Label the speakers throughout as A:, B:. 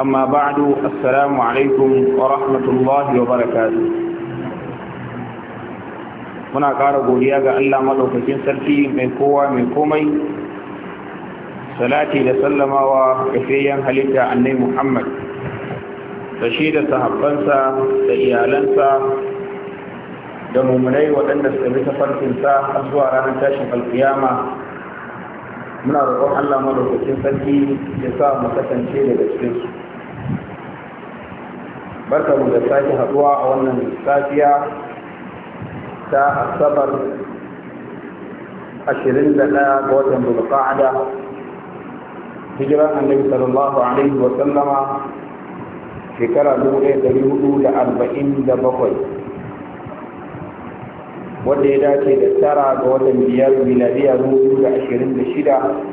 A: أما بعد السلام عليكم ورحمة الله وبركاته muna ƙara godiya ga Allah maɗaukakin sarki mai kowa mai komai salati da sallamawa ga fayyan halitta annai Muhammad da shi da sahabbansa da iyalansa da mummunai waɗanda suka bi tafarkinsa har zuwa ranar tashin alkiyama muna roƙon Allah maɗaukakin sarki ya sa mu kasance daga cikinsu barka mu da sake haduwa a wannan safiya ta asabar 21 ga watan bulqa'ada hijiran annabi sallallahu alaihi wa sallama shekara 1447 wanda ya dace da tara ga watan biyar miladiya 2026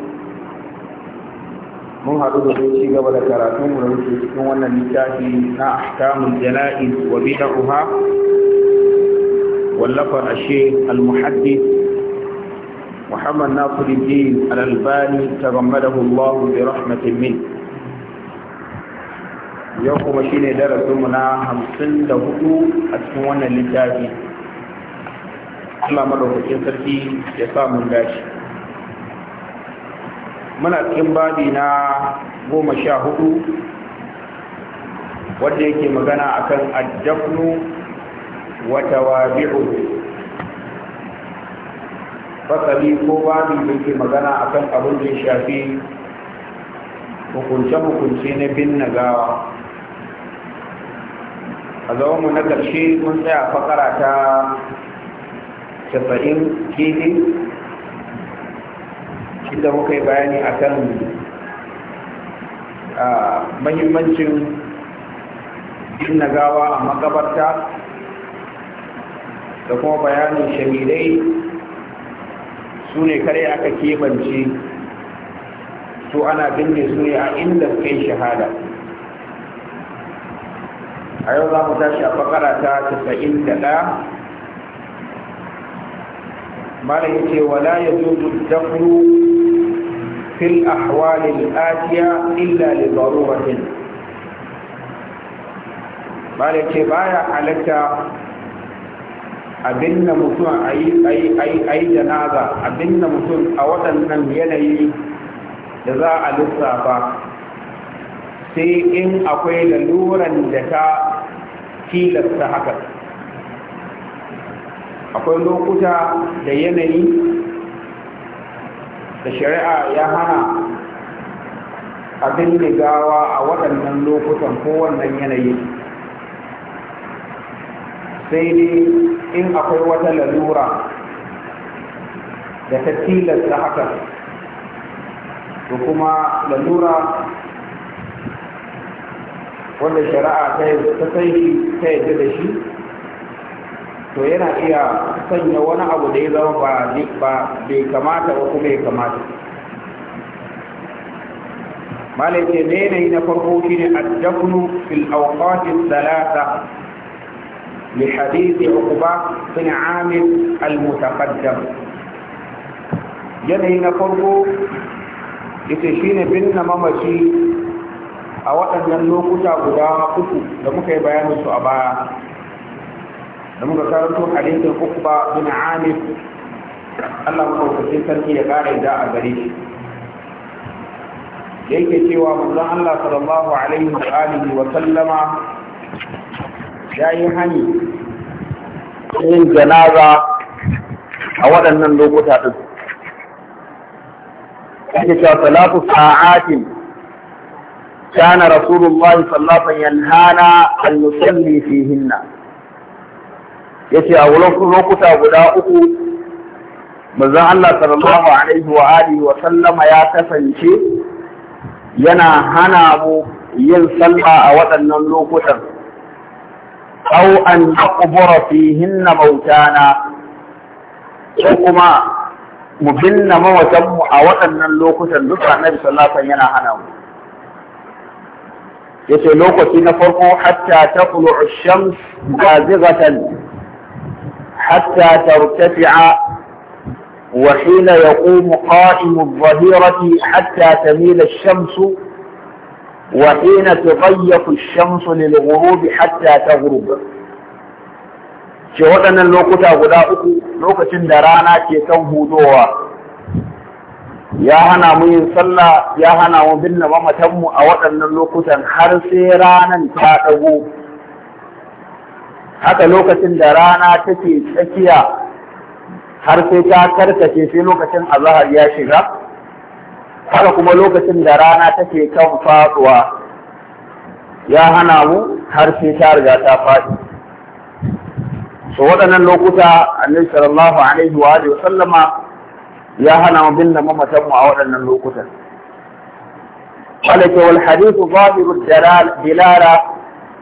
A: mun haɗu da sai ci gaba da karatun mu rubuce cikin wannan littafi na kamun jana'i wa bid'ah wallafa ashe al-muhaddith muhammad nasiruddin al-albani tagammadahu Allah bi rahmatin min yau kuma shine darasin mu na hamsin da hudu a cikin wannan littafi Allah madaukakin sarki ya sa mun gashi muna cikin babi na goma sha hudu wadda yake magana akan addafnu wa tawabi'u fasali ko babi da yake magana akan abin da shafi hukunce-hukunce na bin gawa. a mu na ƙarshe mun tsaya fakara ta 90 kini inda muka yi bayani akan mahimmancin binne gawa a makabarta da kuma bayanin shahidai su ne kare aka kebance su ana binne su ne a inda kai shahada a yau za mu tashi a fakara ta 91 malam ya ce wala ya dafuru في الأحوال الآتية إلا لضرورة مالك بايا حالتا abinda mutum a yi a binne mutum a waɗannan yanayi da za a lissafa sai in akwai laluran da ta tilasta haka akwai lokuta da yanayi da shari'a ya hana abin ligawa a waɗannan lokutan kowannan yanayi sai dai in akwai wata lalura da ta tilasta haka to kuma lalura wanda shari'a ta yi da shi to yana iya sanya wani abu da ya zama ba bai kamata ba kuma ya kamata malai ce da yanayi na farko shi ne addafnu fil awqatis salasa li hadisi uqba bin amir al mutaqaddam yanayi na farko ita shine binne mamaci a waɗannan lokuta guda uku da muka yi bayanin su a baya da muka karanto hadisin ukba bin amir Allah madaukakin sarki ya kara da a gare shi yake cewa manzon Allah sallallahu alaihi wa alihi wa sallama ya yi hani yin janaza a waɗannan lokuta din yake cewa salatu sa'atin كان رسول الله صلى الله عليه وسلم ينهانا أن نصلي فيهن yace a wurin lokuta guda uku manzon Allah sallallahu alaihi wa alihi wa sallama ya kasance yana hana mu yin sallah a waɗannan lokutan aw an naqbura fihinna mautana ko kuma mu binne mawatanmu a waɗannan lokutan duk annabi sallallahu alaihi yana hana mu yace lokaci na farko hatta taqlu ash-shams حتى ترتفع وحين يقوم قائم الظهيرة حتى تميل الشمس وحين تضيق الشمس للغروب حتى تغرب شهدنا الوقت أغلاؤك لوقت درانا كيكو هدوها يا هنا من صلى يا هنا ومن ومتم أوقت أن الوقت أنحر سيرانا تاتبوك haka lokacin da rana take tsakiya har sai ta karkace sai lokacin azahar ya shiga haka kuma lokacin da rana take kan faɗuwa ya hana mu har sai ta riga ta faɗi so waɗannan lokuta annabi sallallahu alaihi wa alihi sallama ya hana mu binne mamatan mu a waɗannan lokutan قال والحديث ظاهر dilara.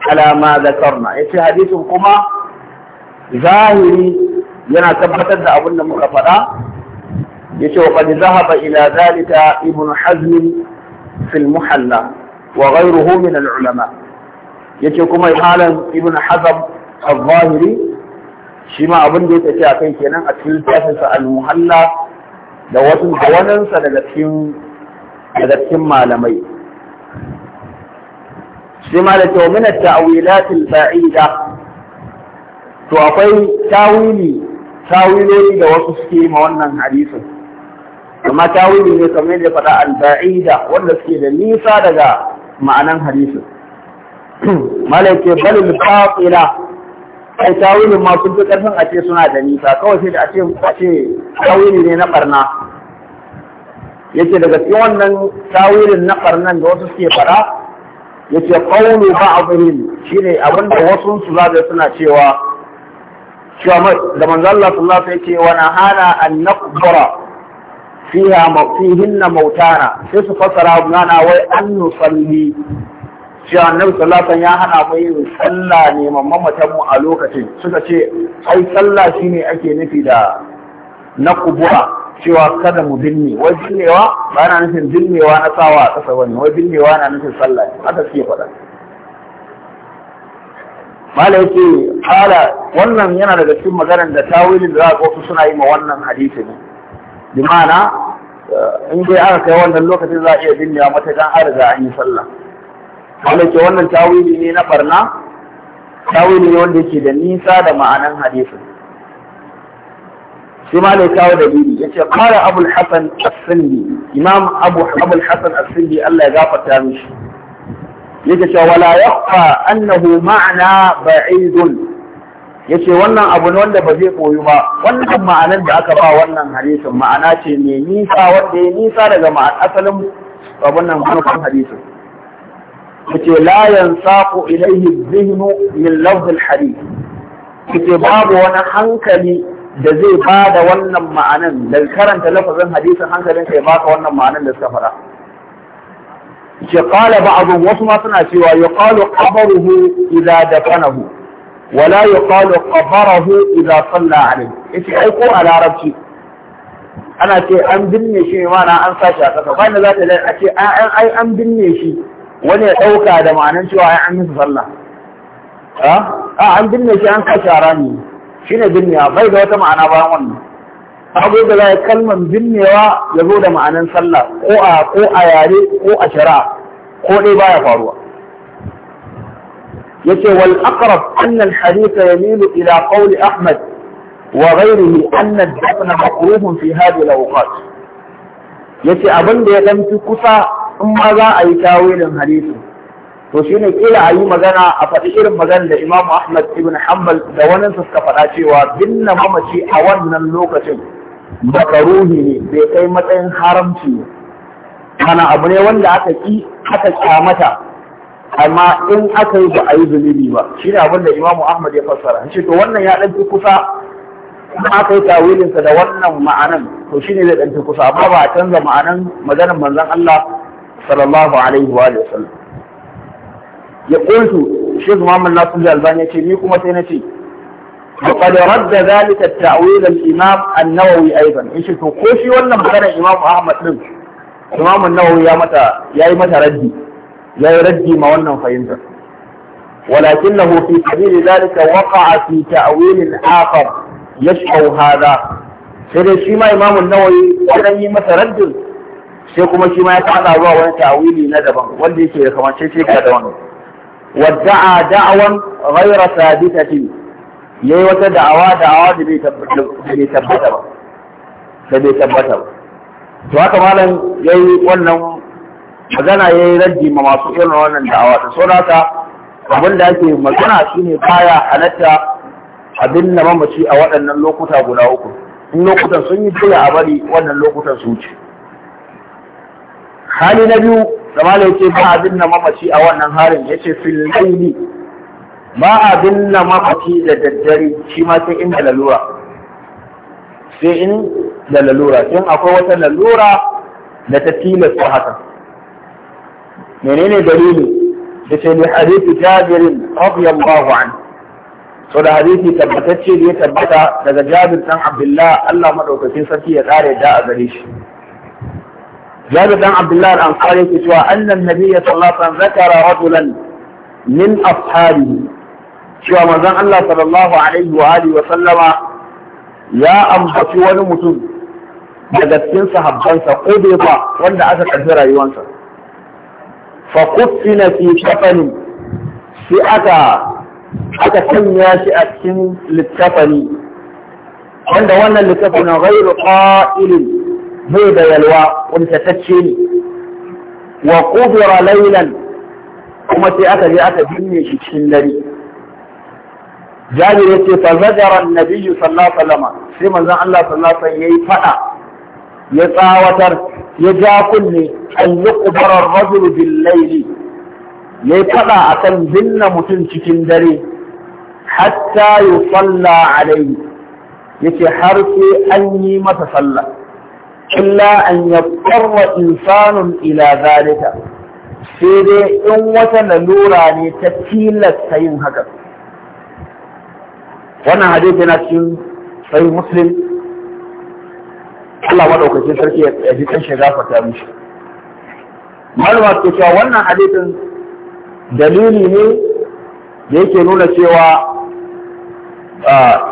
A: alama ma Ya yace hadisin kuma zahiri yana tabbatar da abin da muka faɗa yace wa qad zahaba ila zalika ibn Hazmin fi muhalla wa ghayruhu min al-ulama yace kuma halan ibn hazm al-zahiri shi ma abin da ya tafi a kai kenan a cikin tafinsa al-muhalla da wasu da daga daga cikin malamai sai ma da cewa min at-ta'wilatil to akwai tawili tawiloli da wasu suke ma wannan hadisin amma tawili ne kamar yadda faɗa al-ba'ida wanda suke da nisa daga ma'anan hadisin malaka balil batila ai tawilin ma sun fi ƙarfin a ce suna da nisa kawai sai da a ce a ce tawili ne na barna yace daga cikin wannan tawilin na barnan da wasu suke fara yace shi ne shine abinda wasu su suna cewa cewa da manzallar Allah sallallahu alaihi wasallam yake wa an naqbara fiha fihinna mautana sai su fasara mana wai an nusalli cewa annabi sallallahu alaihi ya hana mu yin sallah ne mamatan mu a lokacin suka ce ai sallah shine ake nufi da na kubura cewa kada mu binne wai binnewa ba na nufin binnewa na sawa a ƙasa wani, wai binnewa na nufin sallah haka suke faɗa mala yake hala wannan yana daga cikin maganar da tawilin da za a wasu suna yi ma wannan hadisi ne bi ma'ana eh, in dai aka kai wannan lokacin za a iya binnewa mata dan an riga an yi sallah mala yake wannan tawili ne na ɓarna, tawili ne wanda yake da nisa da ma'anan hadisin sai ma lai kawo dalili yace qala abul hasan as-sindi imam abu abul hasan as-sindi Allah ya gafarta mishi yake cewa wala yaqfa annahu ma'na ba'idun yace wannan abu ne wanda ba zai koyu ba wannan ma'anar da aka ba wannan hadisin ma'ana ce mai nisa wanda ya nisa daga asalin wannan manufan hadisin yace la yansaqu ilayhi dhihnu min lafz al-hadith yace babu wani hankali da zai ba da wannan ma'anan da karanta lafazin hadisin hankalin kai baka wannan ma'anan da suka fara shi qala ba'dhum wasu ma suna cewa yuqalu qabaruhu idza dafanahu wala yuqalu qabarahu idza salla alayhi yace ai ko a larabci ana ce an binne shi mana an sashi a ƙasa bayan da za ta yi a ce ai an binne shi wani ya ɗauka da ma'anan cewa ai an musu sallah a an binne shi an kashe a rami shine binnewa bai da wata ma'ana ba wannan abu da zai kalman binnewa ya zo da ma'anin sallah ko a ko a yare ko a shari'a ko dai baya faruwa yace wal aqrab anna al hadith yamilu ila qawli ahmad wa ghayrihi anna ad-dafn makruhun fi hadhihi al-awqat yace abin da ya danci kusa in ma za a yi tawilin hadisin to shi ne kila a yi magana a faɗi irin magana da imamu ahmad ibn hanbal da wani suka faɗa cewa binne mamaci a wannan lokacin makaruhi ne bai kai matsayin haramci ne kana abu ne wanda aka ki aka kyamata amma in aka yi ba a yi zunubi ba shi ne abin da imamu ahmad ya fassara shi to wannan ya ɗan kusa kuma aka yi tawilinsa da wannan ma'anan to shi ne zai ɗan kusa amma ba a canza ma'anan maganar manzon allah sallallahu alaihi wa sallam ya qultu shaykh muhammad nasir al-albani yace ni kuma sai na ce
B: وقد رد
A: ذلك التأويل الإمام النووي أيضا إن شئت كوشي ولا مكان الإمام أحمد لم إمام النووي يا متى يا متى ردي يا ردي ما ولنا فينزل ولكنه في سبيل ذلك وقع في تأويل آخر يشبه هذا sai shi ma imamun nawawi wannan yi masa raddin sai kuma ya faɗa zuwa wani ta'awili na daban wanda yake da kamance ce da wadda'a da'awan ghayra thabitatin yayi wata da'awa da'awa da bai tabbata ba da bai tabbata to haka malam yayi wannan magana yayi raddi ma masu irin wannan da'awa ta so haka abin da ake magana shine baya halatta abin da mamaci a waɗannan lokuta guda uku in lokutan sun yi tsaya a bari wannan lokutan su wuce hali na biyu zama da yake ba a binne mamaci a wannan harin ya ce fil laili ba a binne mamaci da daddare shi ma sai in da lalura sai in da lalura sai akwai wata lalura da ta tilasta haka menene dalili da ce ne hadithu jabirin radiyallahu anhu so da hadithi tabbatacce da ya tabbata daga jabir dan abdullah Allah madaukakin sarki ya kare da a gare shi جابر بن عبد الله الانصاري كتوى ان النبي صلى الله عليه وسلم ذكر رجلا من اصحابه شو ما زان الله صلى الله عليه واله وسلم يا ام بكي وانا متوب daga cikin sahabban sa kobe ba wanda aka karfi rayuwansa fa kutsina fi kafani aka aka sanya shi a cikin littafani wanda wannan littafin ghayru qa'ilin Mai da yalwa kuntatacce ne wa qubira laylan kuma sai aka je aka binne shi cikin dare jabir yace fa zagara annabi sallallahu alaihi wasallam sai manzon Allah sallallahu alaihi wasallam yayi fada ya tsawatar ya ja kunne an yuqbara ar-rajul bil layli yayi fada akan binne mutum cikin dare hatta yusalla alaihi yace har sai an yi masa sallah illa an yaqarra insanun ila zalika sai dai in wata lalura ne ta tilasta yin haka wannan hadisi yana cikin sahih muslim Allah madaukakin sarki ya ji kan shiga fata mishi malama ke cewa wannan hadisin dalili ne da yake nuna cewa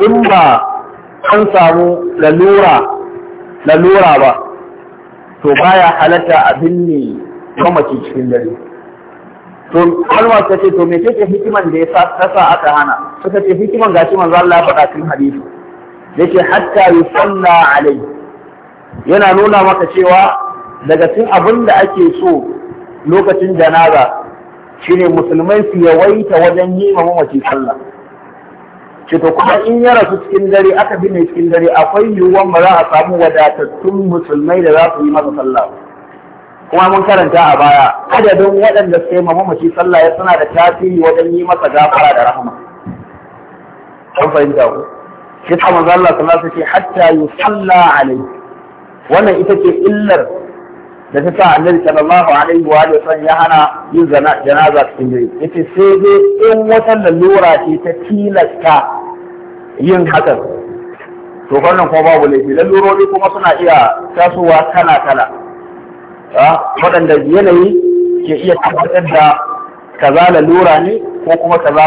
A: in ba an samu lalura lalura ba to baya halatta a binne mamaki cikin dare to kalmar ta ce to me ce hikiman da ya sasa aka hana suka ce hikiman gashi manzo Allah ya faɗa cikin hadisi yace hatta sanna alai yana nuna maka cewa daga cikin abin da ake so lokacin janaza shine musulmai su yawaita wajen yi mamaci sallah ce to kuma in ya rasu cikin dare aka bi ne cikin dare akwai yiwuwan ba za a samu wadatattun musulmai da za su yi masa sallah kuma mun karanta a baya adadin waɗanda suka yi mamaci sallah ya suna da tasiri wajen yi masa gafara da rahama an fahimta ku shi ta manzo Allah sallallahu alaihi wasallam hatta yusalla alaihi wannan ita ce illar da ta sa annabi sallallahu alaihi wa sallam ya hana yin zana janaza cikin dare yace sai dai in wata lalura ce ta tilasta yin hakan to wannan kuma babu laifi lalurori kuma suna iya tasowa kala kala ah, waɗanda yanayi ke iya tabbatar da kaza lalura ne ko kuma kaza ba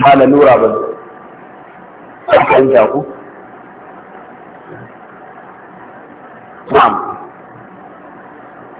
A: ba lalura ba ne. Na'am.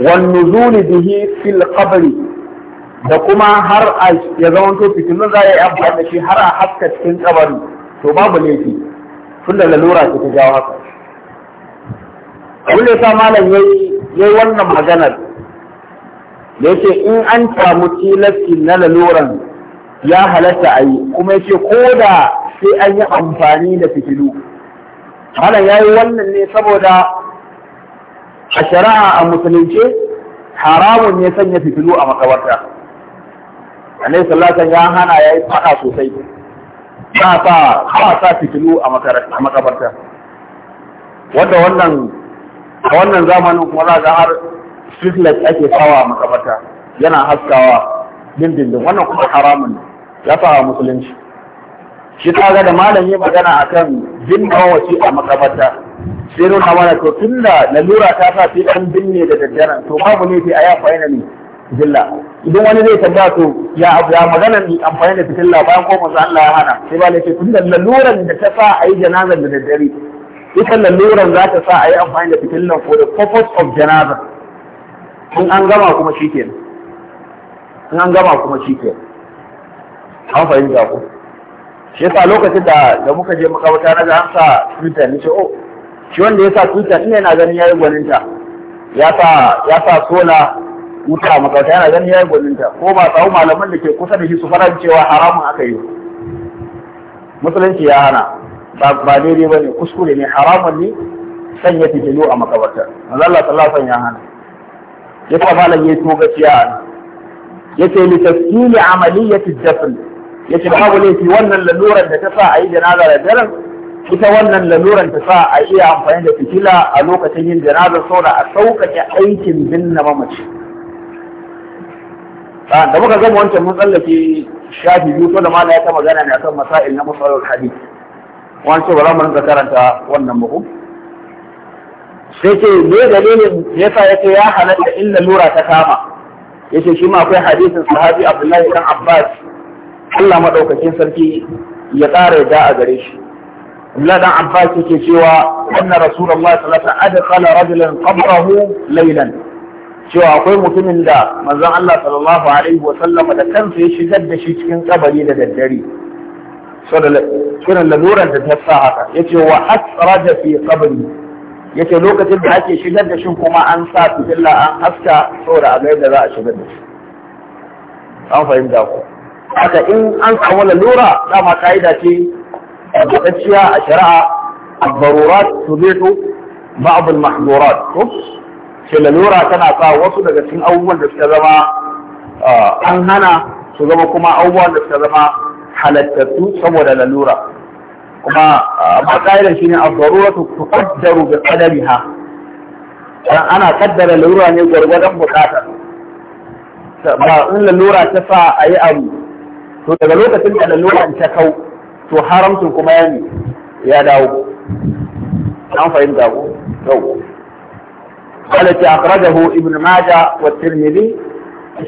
A: wan nuzul bihi fil da kuma har a ya zamanto fitilun za a yi amfani da shi har a haska cikin kabari to babu laifi tun da lalura ce ta jawo haka abin sa malam ya yi wannan maganar da yake in an samu tilasti na laluran ya halatta a yi kuma yake ko da sai an yi amfani da fitilu malam ya yi wannan ne saboda a shari'a a musulunce haramun ne sanya fitilu a makabarta annabi sallallahu ya hana yayi fada sosai ba sa ba sa fitilu a makabarta wanda wannan a wannan zamanin kuma za ga har street ake sawa a makabarta yana haskawa dindindin wannan kuma haramun ya sa musulunci shi ta ga da malam magana magana akan bin mawaci a makabarta sai nuna mana to tunda lalura ta sa fi an binne da daddaren to babu laifi a ya fa'ina ne fitilla idan wani zai tabba to ya abu ya magana ni amfani da fitilla bayan ko manzo Allah ya hana sai ba tun tunda laluran da ta sa a yi janazar da daddare ita laluran za ta sa a yi amfani da fitillan for the purpose of janazar in an gama kuma shikenan in an gama kuma shikenan an fahimta shi yasa lokacin da da muka je makabata na ga an sa twitter ni ce oh shi wanda ya sa tuta ina yana ganin yayi gwaninta ya sa ya sa sola wuta makauta yana ganin yayi gwaninta ko ba tsawo malaman da ke kusa da shi su fara cewa haramun aka yi musulunci ya hana ba daidai ba ne kuskure ne haramun ne sanya fitilu a makabartar manzo Allah sallallahu alaihi ya hana ya sa malam yayi to gaciya yace li tafsili amaliyati dafn yace babu laifi wannan lalurar da ta sa ayi janaza da daren ita wannan laluran ta sa a iya amfani da fitila a lokacin yin janaza saboda a sauƙaƙe aikin binne mamaci da muka gama wancan mun tsallake shafi biyu to da mana ya ta magana ne akan masail na masalar hadith wani ce ba za mu rinka karanta wannan ba sai ce me dalilin yasa yake ya halatta in lalura ta kama yace shi ma akwai hadisin sahabi Abdullahi dan Abbas Allah madaukakin sarki ya ƙara da a gare shi Abdullah dan Abbas yake cewa wannan Rasulullah sallallahu alaihi wasallam adkhala rajulan qabrahu laylan cewa akwai mutumin da manzon Allah sallallahu alaihi wasallam da kansa ya shigar da shi cikin kabari da daddare saboda laluran da ta sa haka yace wa asraja fi qabri lokacin da ake shigar da shi kuma an sa fitilla an haska saboda a ga za a shigar da shi an fahimta ko haka in an samu lalura dama ka'ida ce الأشياء أشراء الضرورات تبيح بعض المحظورات في اليورا كان أقاه وصل لكن أول لفتذما آه، أنهنا سوزمكما أول لفتذما حلتتو صور لليورا كما آه، ما قائل شيني الضرورة تقدر بقدرها أنا قدر اليورا أن يقول ودم بكاتا ما أن اليورا تفا أي أبو سوزمكما أول لفتذما to haramcin kuma ya ya dawo an fahimta ko yau قالت أخرجه maja wa tirmidhi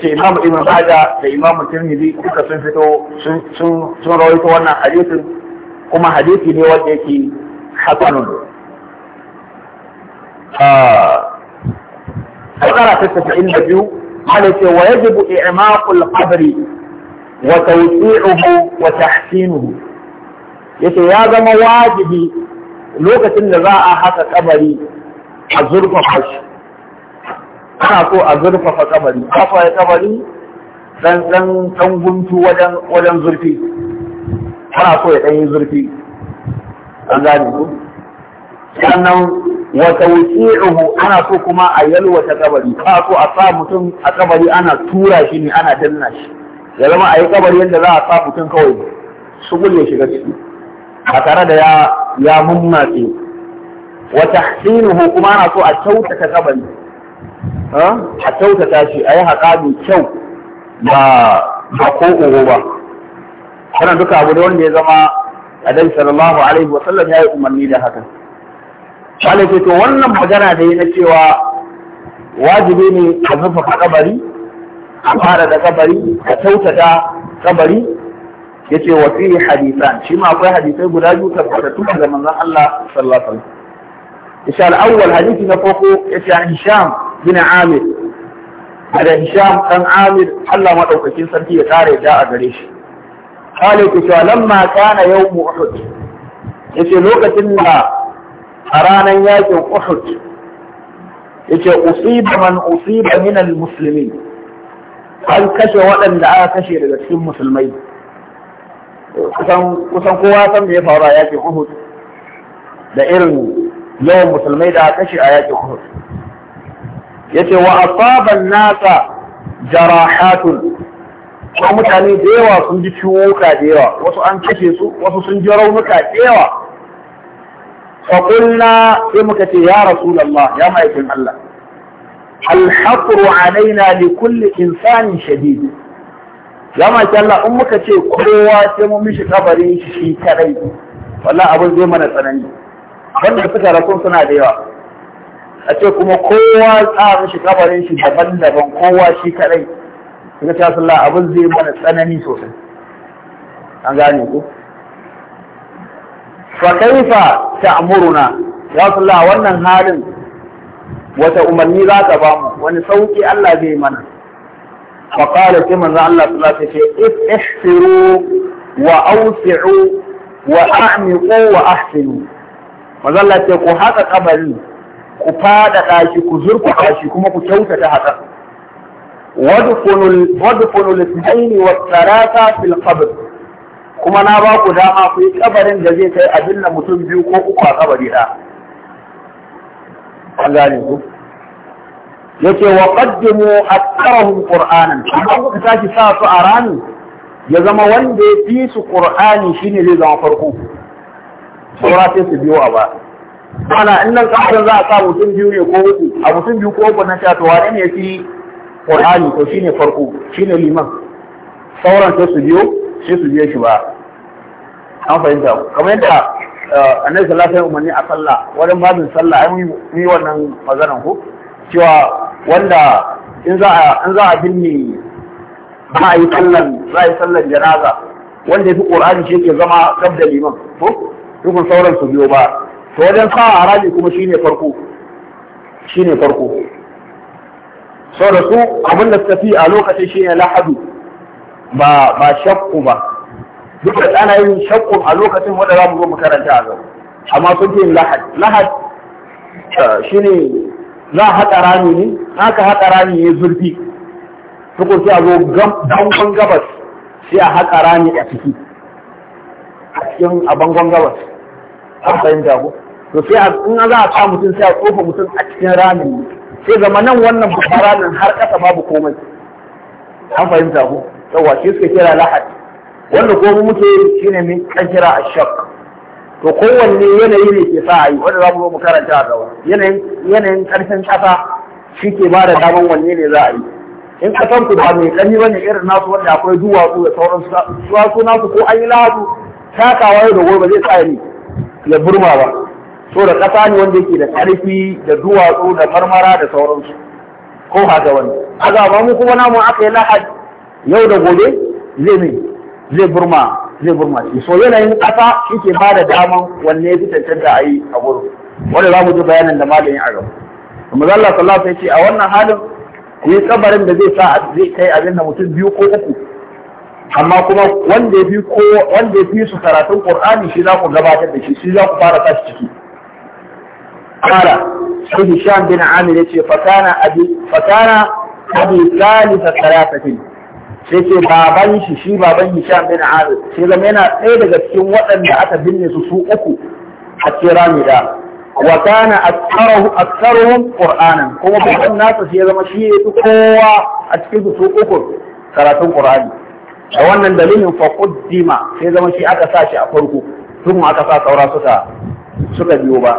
A: ce imamu ibn maja da imamu Tirmidhi suka sun fito sun sun rawaito wannan hadisin kuma hadisi ne wanda yake hasanun Fakara ta tafi inda biyu, ala ce wa yajibu i'maqul qabri wa tawsi'uhu wa tahsinuhu yace ya zama wajibi lokacin da za a haka kabari a zurfafa shi ana so a zurfafa kabari kafa ya kabari dan dan dan guntu wajen wajen zurfi ana so ya dan yi zurfi an gane ku sannan wa tawsi'uhu ana so kuma a yalwata kabari ana so a sa mutum a kabari ana tura shi ne ana danna shi ya zama a yi kabari yadda za a sa mutum kawai su kulle shiga ciki ba tare da ya ya ce wata tahsinuhu kuma na so a kyautata kabari a kyautata shi a yi haƙa mai kyau ba ba ko ba kana duka abu da wanda ya zama a dai sallallahu alaihi wa ya yi umarni da haka shalai ce to wannan magana da yi na cewa wajibi ne a zurfafa kabari a fara da kabari a kyautata kabari yace wa fi hadithan shi ma akwai hadisai guda biyu tabbatattu daga manzon Allah sallallahu alaihi wasallam insha Allah awwal hadisi na farko yace an Hisham bin Amir daga Hisham dan Amir Allah madaukakin sarki ya tare da a gare shi kale ku cewa lamma kana yawmu Uhud yace lokacin da aranan ranar yakin Uhud yace usiba man usiba min al-muslimin an kashe waɗanda aka kashe daga cikin musulmai kusan kowa san me ya faru a yakin Uhud da irin yawan musulmai da kashe a yakin Uhud yace wa asaban nasa jarahatun ko mutane da yawa sun ji ciwuka da yawa wasu an kashe su wasu sun ji raunuka da yawa fa qulna sai muka ce ya rasulullah ya ma'aikin Allah
B: al haqru alaina
A: li kulli insanin shadid ya maki Allah in muka ce kowa sai mun mishi kabarin shi kadai wallahi abin zai mana tsanani wanda suka rakun suna da yawa a ce kuma kowa a mishi kabarin shi daban-daban kowa shi kadai suka ce Allah abin zai mana tsanani sosai an gane ku fa kaifa ta'muruna ya Allah wannan halin wata umarni za ka ba mu wani sauki Allah zai mana fa qala sai manzo Allah sallallahu alaihi wasallam ce ihsiru wa awsi'u wa a'miqu wa ahsinu manzo Allah ku haɗa kabari ku fada shi ku zurfa shi kuma ku kyautata haka wadkhulul wadkhulul ithnaini wat thalatha fil qabr kuma na ba ku dama ku yi kabarin da zai kai abin da mutum biyu ko uku a kabari da yake wa qaddimu aktharahum qur'anan amma ku tashi sa su a rani ya zama wanda ya fi su qur'ani shine zai zama farko saura sai su biyo a ba ana in nan kafin za a sa mutum biyu ne ko uku a mutum biyu ko uku na sha to wane ne ya fi qur'ani to shine farko shine liman sauran sai su biyo sai su biyo shi ba an fahimta kamar yadda eh, annabi sallallahu alaihi wasallam umarni a sallah wajen babin sallah ai mun yi wannan maganan ko cewa wanda in za a in za binne za a yi sallan za a yi sallan janaza wanda ya fi qur'ani shi ke zama gab da liman ko dukkan sauran su biyo ba to wajen sa haraji kuma shi ne farko shi ne farko sau da su abin da suka fi a lokacin shi ne lahadu ba ba shakku ba duk da ana yin shakku a lokacin wanda za mu zo mu karanta a gaba amma sun fi lahad lahad shi ne. za a haƙa rami ne aka haƙa rami ya zurfi tukun sai a zo gangon gabas sai a haƙa rami a ciki a cikin a bangon gabas an fahimta ko to sai a in za a sa mutum sai a tsofa mutum a cikin ramin sai zama nan wannan babban ramin har ƙasa babu komai an fahimta ko yawa shi suka kira lahadi wanda ko muke shine min kan kira ashaq to kowanne yanayi ne ke sa yi wanda za mu zo mu karanta a gaba yanayin yanayin ƙarfin ƙasa shi ke ba da daman wanne ne za a yi in kasan ku ba mai kani bane irin nasu wanda akwai duwatsu da sauran duwatsu nasu ko an yi lahadu takawa yau da gobe zai sa ya ya burma ba so da kasa ne wanda yake da ƙarfi da duwatsu da marmara da sauransu ko haka wani A gaba mu kuma namu aka yi lahadi yau da gobe zai ne zai burma zai gurmace so yanayin kasa shi ke ba da daman wanne ya fi da a yi a gurin wanda za mu ji bayanin da malamin a gaba kuma zalla sallallahu alaihi ce a wannan halin yi kabarin da zai sa zai kai abin da mutum biyu ko uku amma kuma wanda ya fi ko wanda ya fi su karatun qur'ani shi za ku gabatar da shi shi za ku fara sa ciki qala sai hisham bin amir yace fa kana abi fa kana abi salisa salatatin sai ce baban shi shi baban Hisham bin Amir sai zama yana ɗaya daga cikin waɗanda aka binne su su uku a kira mai da wa kana qur'anan kuma baban nasa sai zama shi yafi kowa a cikin su su uku karatun qur'ani da wannan dalilin fa quddima sai zama shi aka sa shi a farko tun aka sa saura suka suka biyo ba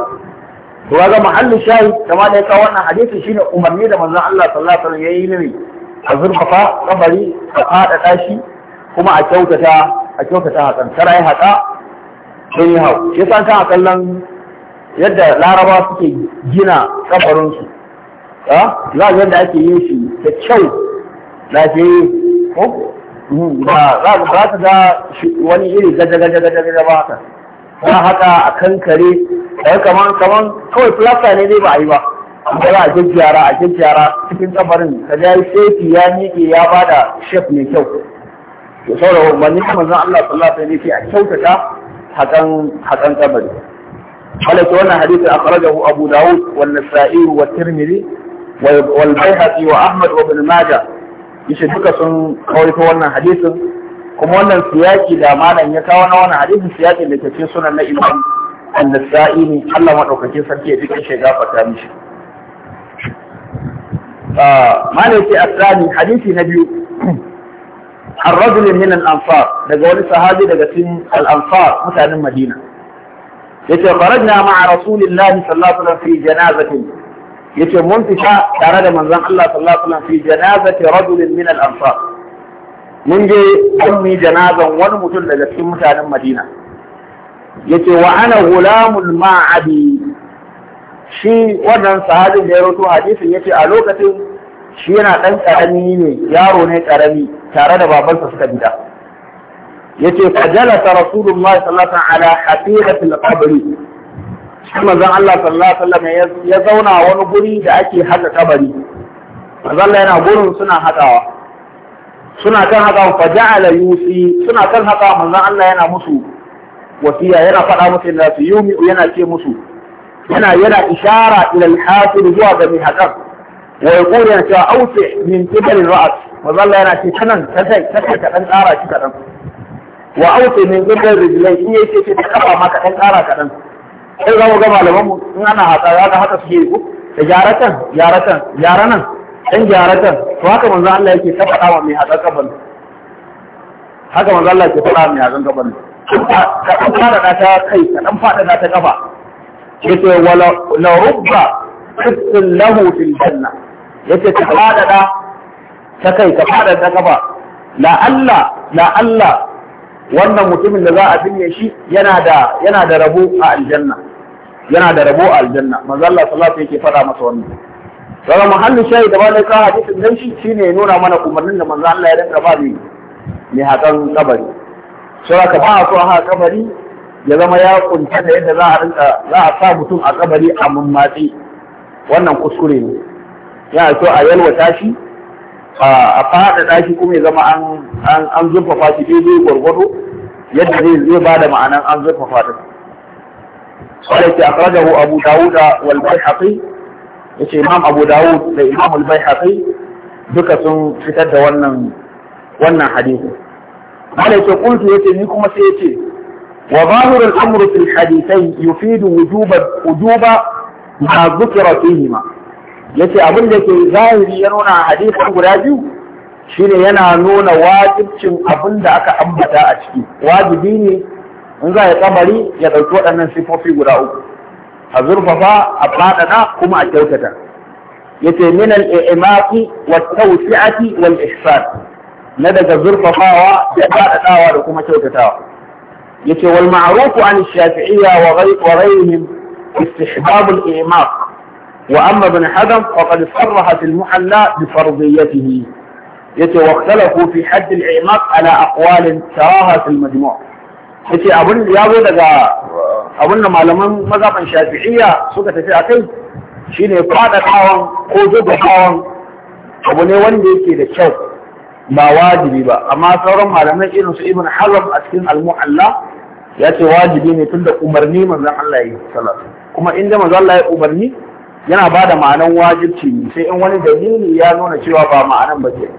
A: to ga mahallin shahid kamar da ya kawo wannan hadisi shine umarni da manzon Allah sallallahu alaihi wasallam yayi ne a zurfafa kabari a faɗaɗa shi kuma a kyautata a kyautata hakan kara ya haƙa don yi hau ya san kan kallon yadda laraba suke gina kabarinsu Ba za a yadda ake yin shi da kyau na lafiyayye ko ba za ka da wani iri gaja-gaja-gaja ba haka ta haka a kankare kamar kamar kawai filasta ne dai ba a yi ba da za a gyaggyara a gyaggyara cikin kabarin ka ga shefi ya miƙe ya ba da shef mai kyau to saboda umarni kuma zan Allah sallallahu alaihi wasallam a kyautata hakan hakan kabari halaka wannan hadisi akhrajahu Abu Dawud wal Nasa'i wa Tirmidhi wal Baihaqi wa Ahmad wa Ibn Majah yace duka sun kawaito wannan hadisin kuma wannan siyaki da malam ya kawo na wannan hadisin siyakin da ke sunan na Imam An-Nasa'i ne Allah madaukakin sarki ya duka shi gafarta mishi mana yake asali hadisi na biyu an rajulin min al-ansar daga wani sahabi daga cikin al-ansar mutanen madina yace kharajna ma'a rasulillahi sallallahu alaihi wasallam fi janazatin yace mun fita tare da manzon Allah sallallahu alaihi wasallam fi janazati rajulin min al-ansar mun je an mi janazan wani mutum daga cikin mutanen madina yace wa ana gulamul ma'abi shi wannan sahabin da ya roto hadisin yace a lokacin shi yana ɗan ƙarami ne yaro ne ƙarami tare da babansa suka gida yace fa jalasa rasulullahi sallallahu alaihi wasallam ala hafiratil qabri shi manzon Allah sallallahu alaihi wasallam ya zauna wani guri da ake haka kabari manzon yana gurin suna hakawa suna kan haka fa ja'ala yusi suna kan haka manzon Allah yana musu wasiya yana faɗa musu da su yumi yana ce musu yana yana ishara ila al-hafiz zuwa ga mai haƙar wa yaqulu yana cewa awsi min tibal ra'as wa zalla yana ce kanan ta sai ta sai ka dan ƙara shi kadan wa awsi min tibal rijlai in yace ce ta kafa maka dan ƙara kadan sai zamu ga malaman mu in ana haka za ka haka suke ku da gyaratan gyaratan gyaranan dan gyaratan to haka manzo Allah yake ta faɗa wa mai haƙar kaban haka manzo Allah yake faɗa wa mai haƙar kaban ka dan fara ta kai ka dan fada ta kafa yace wala la rubba lahu fil janna yace ta fada da ta kai ka fada ta kafa la Allah la wannan mutumin da za a binne shi yana da yana da rabo a aljanna yana da rabo a aljanna manzo Allah sallallahu alaihi wasallam yake fada masa wannan daga muhallin shayi da bane ka hadisin dan shi shine ya nuna mana umarnin da manzo Allah ya rinka ba mai ne hakan kabari sai ka ba so ha kabari ya zama ya kunta da yadda za a rinka za a sa mutum a kabari a mummatsi wannan kuskure ne Yana so a yalwata shi a faɗaɗa shi kuma ya zama an an zurfafa shi daidai gwargwado yadda zai zai ba da ma'anan an zurfafa ta sai ce akhrajahu abu dawud wal bayhaqi yace imam abu dawud da imam al bayhaqi duka sun fitar da wannan wannan hadisi malai ce ya ce ni kuma sai ya ce. وظاهر الأمر في الحديثين يفيد وجوب وجوب ما ذكر فيهما yace abin da ke zahiri ya nuna a hadisin guda biyu shine yana nuna wajibcin abin da aka ambata a ciki wajibi ne in za ya ɗauki waɗannan sifofi guda uku a zurfafa a faɗaɗa kuma a kyautata yace min al-i'maqi wa tawsi'ati wal ihsan na daga zurfafawa ya faɗaɗawa da kuma kyautatawa yace wal ma'ruf an shafi'iyya wa ghayrihim istihbab al i'maq wa amma ibn hadam faqad sarraha fil muhalla bi fardiyatihi yace wa fi hadd al i'maq ala aqwal taraha fil majmu' yace abun ya zo daga abun da malaman mazhaban shafi'iyya suka tafi akai shine fadadawan ko dubbawan abu ne wanda yake da kyau ba wajibi ba amma sauran malamai irin su ibn haram a cikin al-muhalla ya ce wajibi ne tunda umarni manzon Allah ya yi salatu kuma in da manzon Allah ya umarni yana ba da ma'anan wajibci ne sai in wani dalili ya nuna cewa ba ma'anan ba ke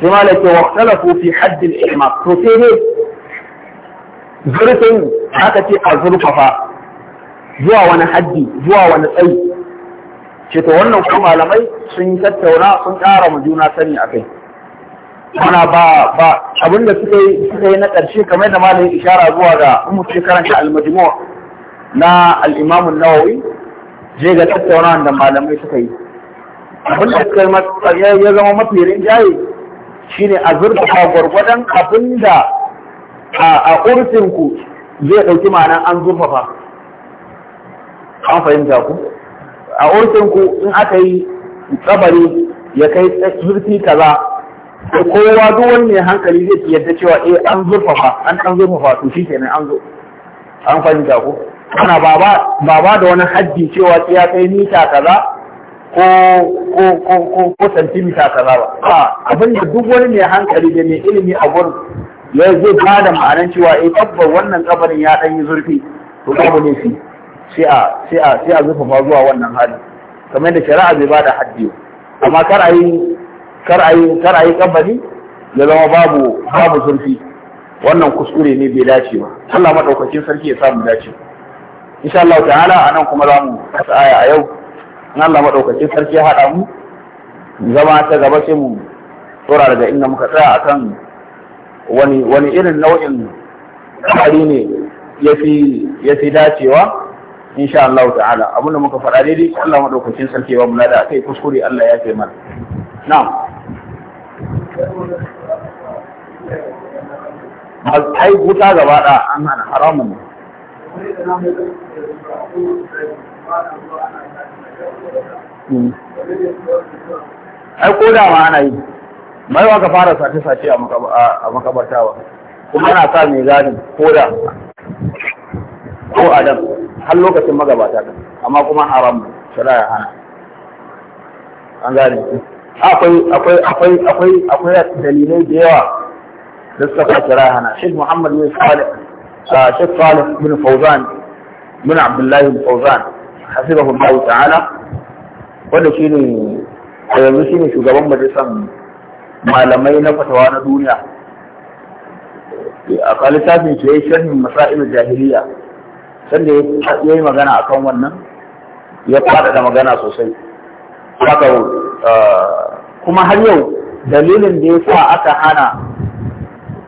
A: sai ma da ke waktalafu fi haddin ihma to sai dai zurfin haka ce a zurfafa zuwa wani haddi zuwa wani tsayi ce to wannan kuma malamai sun tattauna sun ƙara mu juna sani a kai. mana ba ba abinda suka yi suka yi na ƙarshe kamar da malamin ishara zuwa ga in mutum karanta al-majmu na al-imam an-nawawi je ga tattaunawa da malamai suka yi da suka ya zama mafi rinjaye shine a zurfafa gwargwadon abinda a urfin ku zai ɗauki ma'ana an zurfafa an fahimta ku a urfin ku in aka yi tsabari ya kai zurfi kaza da kowa duk wani mai hankali zai yadda cewa eh an zurfafa an dan zurfafa to shi kenan an zo an fahimta ko ana baba baba da wani haddi cewa ya kai mita kaza ko ko ko ko ko santimita kaza ba a da duk wani mai hankali da mai ilimi a gurin ya zai ba da ma'anar cewa eh tabbar wannan kabarin ya dan yi zurfi to babu ne shi sai a sai a sai a zuwa wannan hali kamar da shari'a bai ba da haddi amma kar a yi kar a yi kar a kabari ya zama babu babu zurfi wannan kuskure ne bai dace ba Allah madaukakin sarki ya samu dace insha Allah ta'ala anan kuma za mu kasa aya a yau in Allah madaukakin sarki ya hada mu zama ta gaba sai mu tsora daga inda muka tsaya akan wani wani irin nau'in tsari ne yafi yafi dacewa sha Allah ta'ala abinda muka faɗa daidai Allah madaukakin sarki ba mu a kai kuskure Allah ya kai mana na'am ai wuta gaba da an hana haramun ne hmm. ai ko da ma ana yi mai wa ka fara sace-sace a makabartawa. kuma ana sa mai gadi ko da ko adam har lokacin magabata amma kuma haram shari'a hana an gane akwai akwai akwai akwai akwai dalilai da yawa da suka kwace rahana Sheikh Muhammad bin Salih Sheikh Salih bin Fauzan bin Abdullah bin Fauzan hasibahu Allah ta'ala wanda shine a yanzu shine shugaban majalisar malamai na fatawa na duniya a kalisafin shi yayi sharhin masail jahiliya sanda ya yi magana akan wannan ya faɗaɗa magana sosai haka Eh, kuma har yau dalilin da ya sa aka hana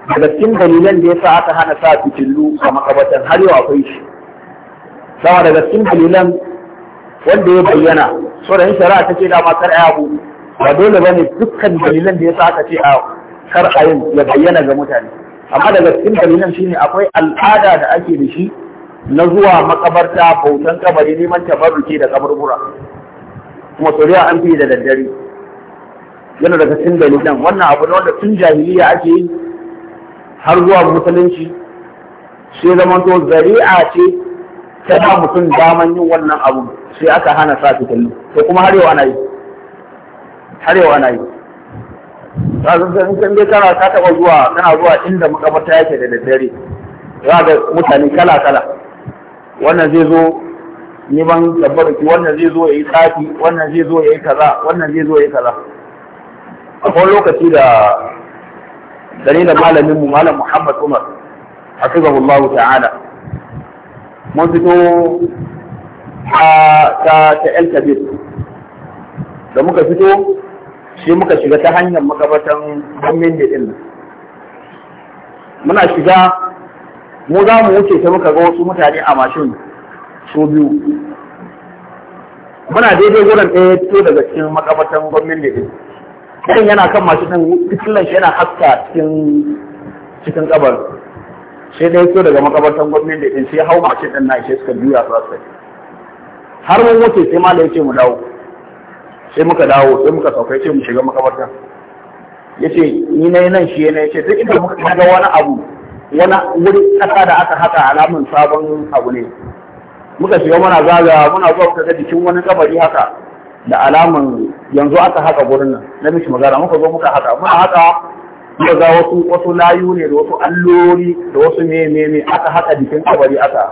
A: daga cikin dalilan da ya sa aka hana sa fitillu a makabatan har yau akwai shi sama daga cikin dalilan wanda ya bayyana so da shari'a ta ce dama kar a abu ba dole ba ne dukkan dalilan da ya sa aka ce a kar a yin ya bayyana ga mutane amma daga cikin dalilan shi ne akwai al'ada da ake da shi na zuwa makabarta bautan kabari neman tabarruke da kaburbura kuma tsoriya an fi da daddare yana daga cikin dalilan wannan abu ne wanda tun jahiliya ake yi har zuwa musulunci sai zama to zari'a ce
B: ta ba mutum daman
A: yin wannan abu sai aka hana sa kallo to kuma har yau ana yi har yau ana yi in dai kana ka taɓa zuwa kana zuwa inda makabarta yake da daddare za ga mutane kala kala wannan zai zo neman tabbarki wannan zai zo ya yi tsafi wannan zai zo ya yi kaza wannan zai zo ya yi kaza akwai lokaci da dani da malamin mu malam Muhammad Umar a hafizahullahu ta'ala mun fito ta ta El Kabir da muka fito shi muka shiga ta hanyar magabatan gwamnati da din muna shiga mu za mu wuce ta muka ga wasu mutane a mashin so biyu muna daidai wurin ɗaya fito daga cikin makamatan gwamnati ne kan yana kan masu ɗan fitilan shi yana haska cikin cikin kabar sai ɗaya to daga makamatan gwamnati ɗin sai hau masu ɗan na ishe suka a su har mun wuce sai ma da ce mu dawo sai muka dawo sai muka sauka ce mu shiga makamatan ya ce ni na nan shi na ya ce duk inda muka ga wani abu wani wuri ƙasa da aka haka alamun sabon abu ne muka shiga muna zaga muna zuwa muka ga jikin wani kabari haka da alaman yanzu aka haka gurin nan na mishi magana muka zo muka haka muna haka muka ga wasu wasu layu ne da wasu allori da wasu mememe aka haka jikin kabari aka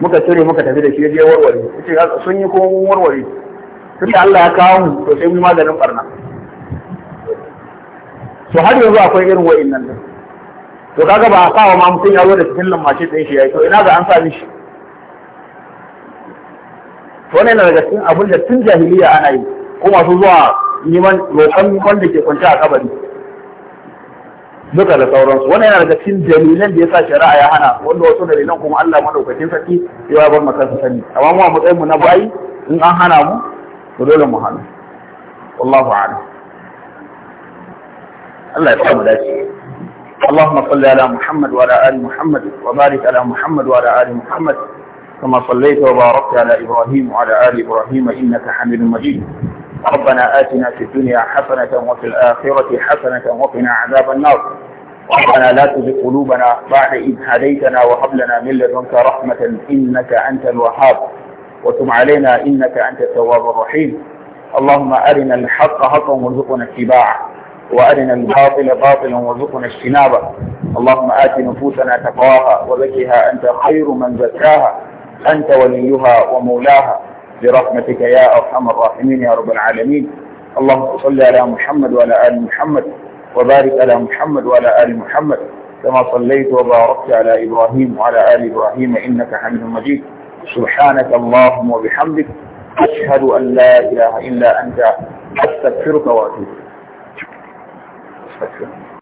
A: muka cire muka tafi da shi je warware yace sun yi kuma warware tun da Allah ya kawo mu to sai maganin barna to har yanzu akwai irin wa'annan to kaga ba a kawo ma mutum ya zo da cikin mace ɗin shi yi to ina ga an sa mishi wannan yana daga cikin abin da tun jahiliya ana yi ko masu zuwa neman roƙon wanda ke kwanta a kabari duka da sauransu wannan yana daga cikin dalilan da yasa shari'a ya hana wanda wasu dalilan kuma Allah madaukakin sarki ya bar maka su sani amma mu a matsayin mu na bayi in an hana mu to dole mu hana wallahu a'lam Allah ya samu dace اللهم صل على محمد وعلى ال محمد وبارك على محمد وعلى ال محمد كما صليت وباركت على إبراهيم وعلى آل إبراهيم إنك حميد مجيد ربنا آتنا في الدنيا حسنة وفي الآخرة حسنة وقنا عذاب النار ربنا لا تزغ قلوبنا بعد إذ هديتنا وهب لنا من لدنك رحمة إنك أنت الوهاب وتم علينا إنك أنت التواب الرحيم اللهم أرنا الحق حقا وارزقنا اتباعه وأرنا الباطل باطلا وارزقنا اجتنابه اللهم آت نفوسنا تقواها وزكها أنت خير من زكاها أنت وليها ومولاها برحمتك يا أرحم الراحمين يا رب العالمين اللهم صل على محمد وعلى آل محمد وبارك على محمد وعلى آل محمد كما صليت وباركت على إبراهيم وعلى آل إبراهيم إنك حميد مجيد سبحانك اللهم وبحمدك أشهد أن لا إله إلا أنت أستغفرك وأتوب أستغفرك